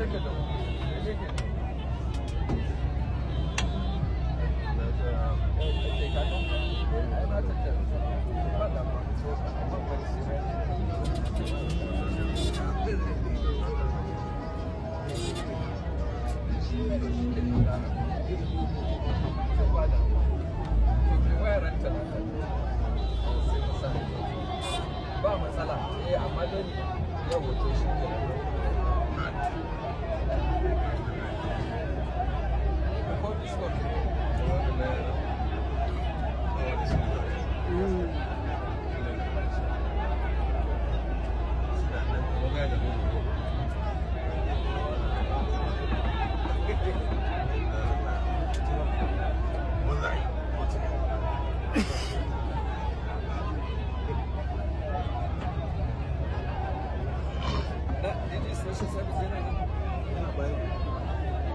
कैसे खेलो social service yana yana bayan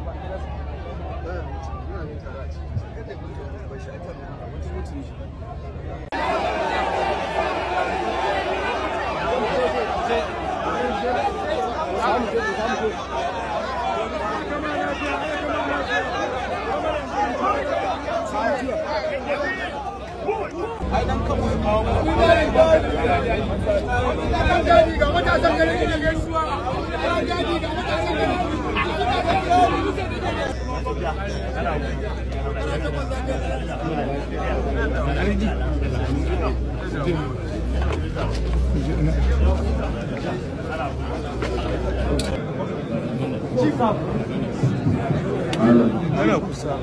ba kira su ba yana ne tare a cikin kada ku ta wani bashi a kan wani mutum shi ai dan kawo kawo ga matasan garin ina gaisuwa ga matasan garin Ana Na kusa.